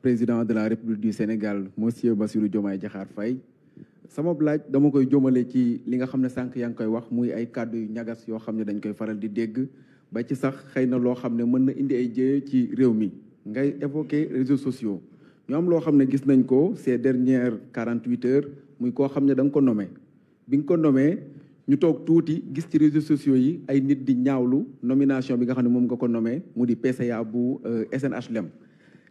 président de la république du Sénégal monsieur Bassirou Diomaye Diakhar fay sama laaj dama koy jëmale ci li nga xam ne sànq yaa ngi koy wax muy ay kàddu yu ñagas yoo xam ne dañ koy faral di dégg ba ci sax xëy na loo xam ne mën na indi ay jéye ci réew mi ngay évoqué réseau sociaux ñu am loo xam ne gis nañ ko ces dernières quarante huit muy koo xam ne danga ko nommé bi nga ko nommé ñu toog tuuti gis ci réseau sociaux yi ay nit di ñaawlu nomination bi nga xam ne moom nga ko nommé mu di PCA bu euh, SNHLM e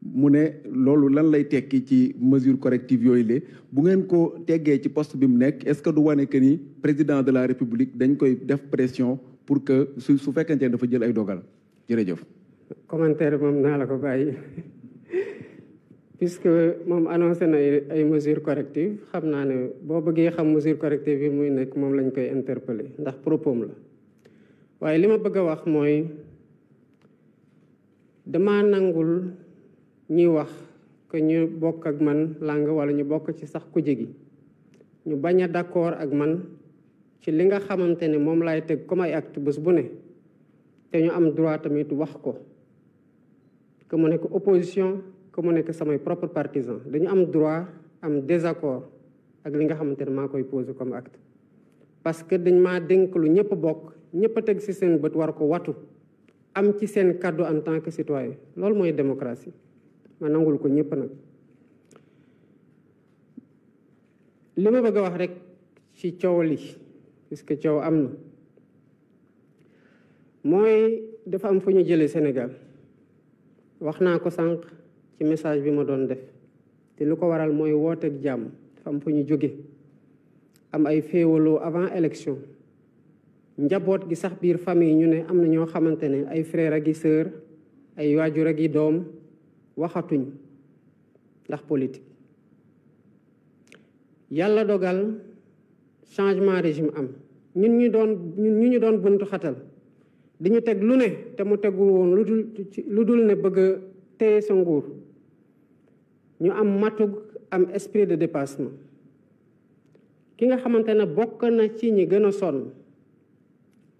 mu ne loolu lan lay tekki ci mesure corrective yooyu le bu ngeen ko teggee ci poste bi mu nekk est-ce que du wane que ni président de la république dañ koy def pression pour que su su fekkente ne dafa jël ay dogal jërëjëf. commentaire moom naa la ko bàyyi puisque moom annoncé na ay mesure corrective xam naa ne boo bëggee xam mesure corrective yi muy nekk moom lañ koy interpeller ndax propos la waaye li ma bëgg a wax mooy dama nangul. ñi wax ke ñu bokk ak man làng wala ñu bokk ci sax kuje gi ñu baña d'accord ak man ci li nga xamantene mom lay tegg comme ay acte bu ne te ñu am droit tamit wax ko ke mo nek opposition ke mo nek samay propre partisan dañu am droit am désaccord ak li nga xamantene ma koy poser comme acte parce que dañ ma denk lu ñepp bok ñepp tegg ci seen bëtt war ko watu am ci seen cadeau en tant que citoyen lool moy démocratie ma nangul ko ñëpp nag li ma bëgg a wax rek ci coow li puisque coow am na mooy dafa am fu ñu jëlee Sénégal wax naa ko sànq ci message bi ma doon def te lu ko waral mooy wooteeg jàmm dafa am fu ñu jóge am ay féewaloo avant élection njaboot gi sax biir famille ñu ne am na ñoo xamante ne ay frère ak i sœur ay waajur ak i doom waxatuñ ndax politique yàlla dogal changement régime am ñun ñu doon ñun ñu doon buntu xatal ne mu woon ne bëgg nguur ñu am am esprit de dépassement ki nga xamante de bokk na ci ñi gën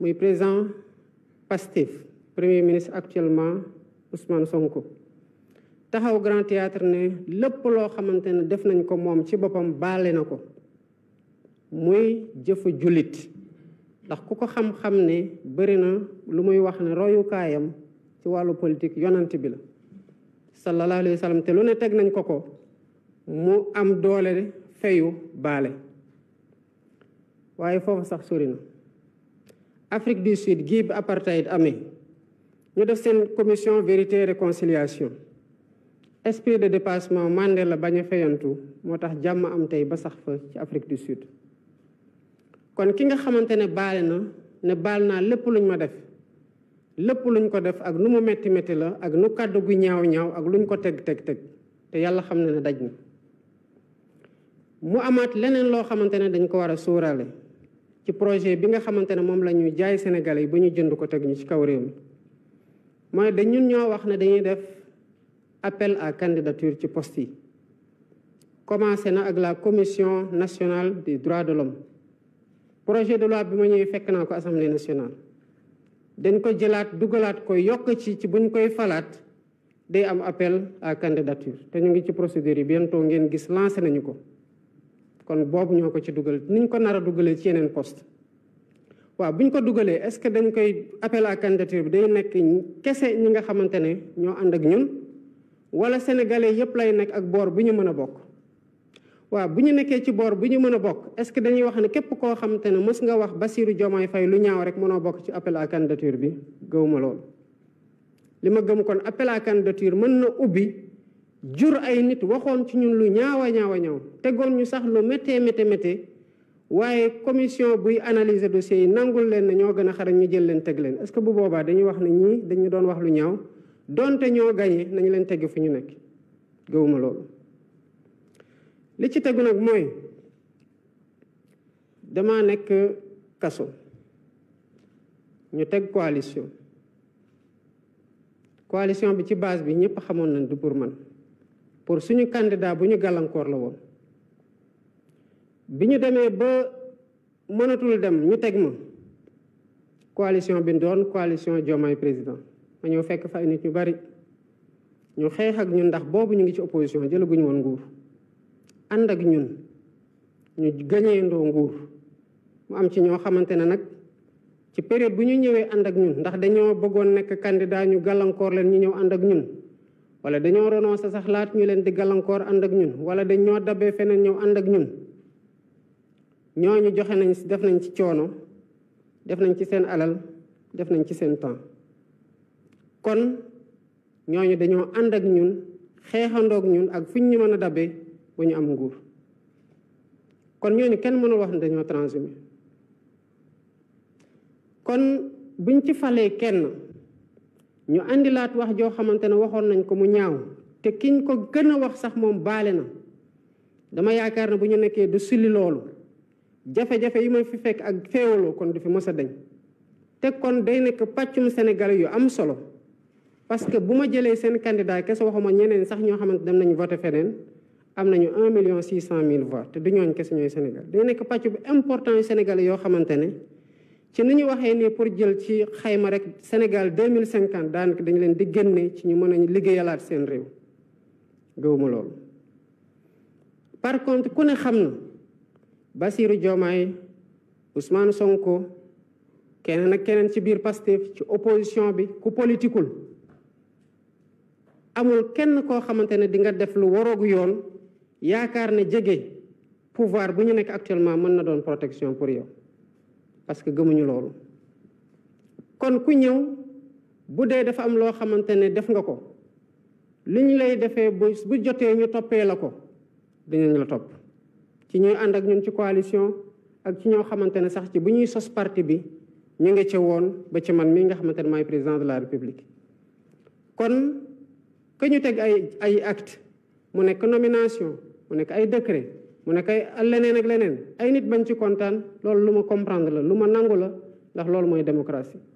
muy pastif, premier ministre actuellement Ousmane Sonko taxaw Grand Théâtre ne lépp loo xamante ne def nañ ko moom ci boppam baale na ko muy jëfu jullit ndax ku ko xam-xam ne bëri na lu muy wax ne royukaayam ci wàllu politique yonant bi la sallallahu alayhi wa te lu ne teg nañ ko ko mu am doole feyu baale waaye foofu sax sori na Afrique du Sud gii bi apartheid amee ñu def seen commission vérité et réconciliation esprit de dépassement Mandela bañ a fayantu moo tax jàmm am tey ba sax fa ci Afrique du Sud kon ki nga xamante ne baale na ne baal naa lépp luñ ma def lépp luñ ko def ak nu mu metti metti la ak nu kàddu gu ñaaw ñaaw ak luñ ko teg teg teg te yàlla xam na ne daj na mu amaat leneen loo xamante ne dañ ko war a sóoraale ci projet bi nga xamante ne moom la ñuy jaay Sénégalais yi ba ñu jënd ko teg ñu ci kaw réew mi mooy dañ ñoo wax ne dañuy def appel à candidature ci poste yi commencé na ak la commission nationale des droits de l'homme projet de loi bi ma ñëwee fekk na ko assemblée nationale dañ ko jëlaat dugalaat ko yokk ci ci buñ koy falaat day am appel à candidature té ñu ngi ci procédure yi bientôt ngeen gis lancé nañu ko kon bobu ñoo ko ci duggal niñ ko nara a ci yeneen poste waaw buñ ko duggalé est-ce que dañ koy appel à candidature bi day nekk kese ñi nga xamante ne ñoo ànd ak ñun wala sénégalais yëpp lay nekk ak boor bu ñu mën a bokk waaw bu ñu nekkee ci boor bu ñu mën a bokk est-ce que dañuy wax ne képp koo xam te ne mës nga wax Bassirou Diomaye fay lu ñaaw rek mënoo bokk ci appel à candidature bi gëwuma loolu li ma gëm kon appel à candidature mën na ubbi jur ay nit waxoon ci ñun lu ñaaw a ñaaw tegoon ñu sax lu méttee méttee méttee waaye commission buy analyser dossier yi nangul leen ne ñoo gën a xarañ ñu jël leen teg leen est que bu boobaa dañuy wax ne ñii dañu doon wax lu ñaaw donte ñoo gañe nañu leen tegg fu ñu nekk gëwuma loolu li ci tegu nag mooy dama nekk kaso ñu teg coalition coalition bi ci base bi ñëpp xamoon nañ du pour man pour suñu candidat bu ñu gàllankoor la woon bi ñu demee ba mënatul dem ñu teg ma coalition bi doon coalition Diomaye président ma fekk fa ay nit ñu bari ñu xeex ak ñun ndax boobu ñu ngi ci opposition jëlaguñu woon nguur ànd ak ñun ñu gañeendoo nguur mu am ci ñoo xamante ne nag ci période bu ñu ñëwee ànd ak ñun ndax dañoo bëggoon nekk candidat ñu gàllankoor leen ñu ñëw ànd ak ñun wala dañoo sa sax laat ñu leen di gàllankoor ànd ak ñun wala dañoo dabee feneen ñëw ànd ak ñun ñooñu joxe nañ def nañ ci coono def nañ ci seen alal def nañ ci seen temps kon ñooñu dañoo ànd ak ñun xeexandoog ñun ak fuñ ñu mën a dabe ba ñu am nguur kon ñooñu kenn mënul wax ne dañoo transhumé kon buñ ci falee kenn ñu andilaat wax joo xamante ne waxoon nañ ko mu ñaaw te kiñ ko gën a wax sax moom baale na dama yaakaar ne bu ñu nekkee du sulli loolu jafe-jafe yi may fi fekk ak féewaloo kon du fi mos a dañ te kon day nekk pàccum Sénégal yu am solo parce que bu ma jëlee seen candidat kese waxuma ñeneen sax ñoo xamante dem nañu voté feneen am nañu 1 million 600 mille voix te du ñooñu kese ñooy Sénégal day nekk pàcc bu important yu Sénégal yoo xamante ne ci ni ñu waxee ne pour jël ci xayma rek Sénégal 2050 daanaka dañu leen di génne ci ñu mën a liggéeyalaat seen réew gëwuma loolu. par contre ku ne xam na Bassirou Diomaye Ousmane Sonko keneen ak keneen ci biir Pastef ci opposition bi ku politikul. amul kenn koo xamante ne di nga def lu waroogu yoon yaakaar ne jege pouvoir bu ñu nekk actuellement mën na doon protection pour yow parce que gëmuñu loolu kon ku ñëw bu dee dafa am loo xamante ne def nga ko li ñu lay defee bu bu jotee ñu toppee la ko dinañ la topp ci ñuy ànd ak ñun ci coalition ak ci ñoo xamante ne sax ci bu ñuy sos parti bi ñu ngi ca woon ba ci man mii nga xamante ne maay président de la république kon que ñu teg ay ay acte mu nekk nomination mu nekk ay décret mu nekk ay leneen ak leneen ay nit bañ ci kontaan loolu lu ma comprendre la lu ma nangu la ndax loolu mooy démocratie